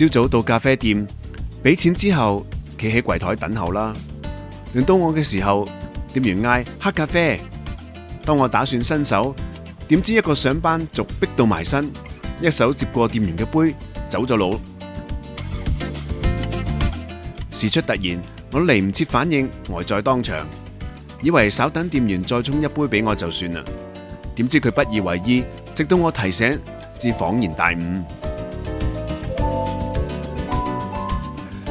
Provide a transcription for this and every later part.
朝早到咖啡店，俾錢之後，企喺櫃台等候啦。輪到我嘅時候，店員嗌黑咖啡。當我打算伸手，點知一個上班族逼到埋身，一手接過店員嘅杯，走咗佬。事出突然，我嚟唔切反應，呆、呃、在當場，以為稍等店員再沖一杯俾我就算啦。點知佢不以為意，直到我提醒，至恍然大悟。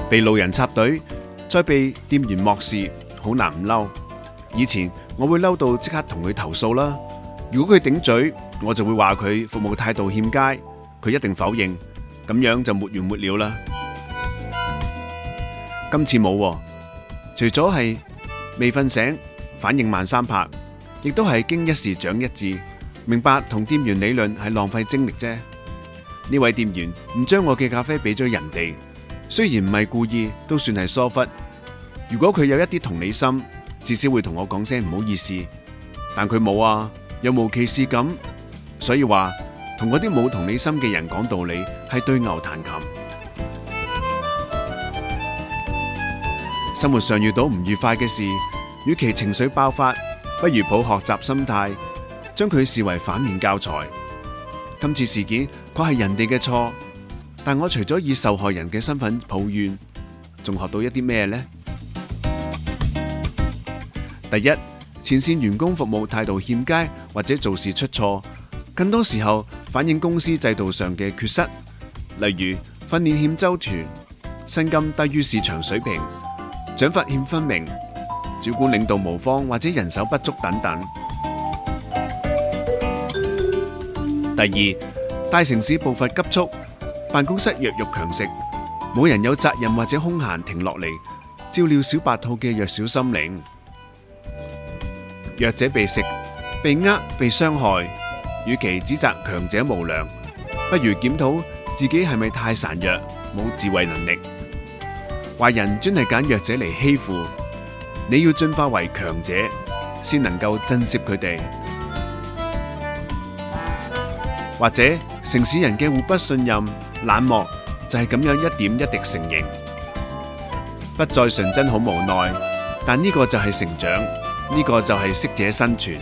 被路人插隊，再被店員漠視，好難唔嬲。以前我會嬲到即刻同佢投訴啦。如果佢頂嘴，我就會話佢服務態度欠佳，佢一定否認，咁樣就沒完沒了啦。今次冇，除咗係未瞓醒，反應慢三拍，亦都係經一事長一智，明白同店員理論係浪費精力啫。呢位店員唔將我嘅咖啡俾咗人哋。雖然唔係故意，都算係疏忽。如果佢有一啲同理心，至少會同我講聲唔好意思。但佢冇啊，若無其事咁。所以話，同嗰啲冇同理心嘅人講道理，係對牛彈琴。生活上遇到唔愉快嘅事，與其情緒爆發，不如抱學習心態，將佢視為反面教材。今次事件，確係人哋嘅錯。但我除咗以受害人嘅身份抱怨，仲學到一啲咩呢？第一，前線員工服務態度欠佳或者做事出錯，更多時候反映公司制度上嘅缺失，例如訓練欠周全、薪金低於市場水平、獎罰欠分明、主管領導無方或者人手不足等等。第二，大城市步伐急促。辦公室弱肉強食，冇人有責任或者空閒停落嚟，照料小白兔嘅弱小心靈。弱者被食、被呃、被傷害，與其指責強者無良，不如檢討自己係咪太孱弱，冇自衛能力。壞人專係揀弱者嚟欺負，你要進化為強者，先能夠震懾佢哋。或者城市人嘅互不信任、冷漠就係、是、咁樣一點一滴成形，不再純真好無奈，但呢個就係成長，呢、這個就係適者生存。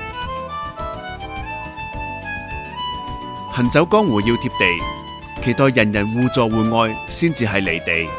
行走江湖要貼地，期待人人互助互愛先至係離地。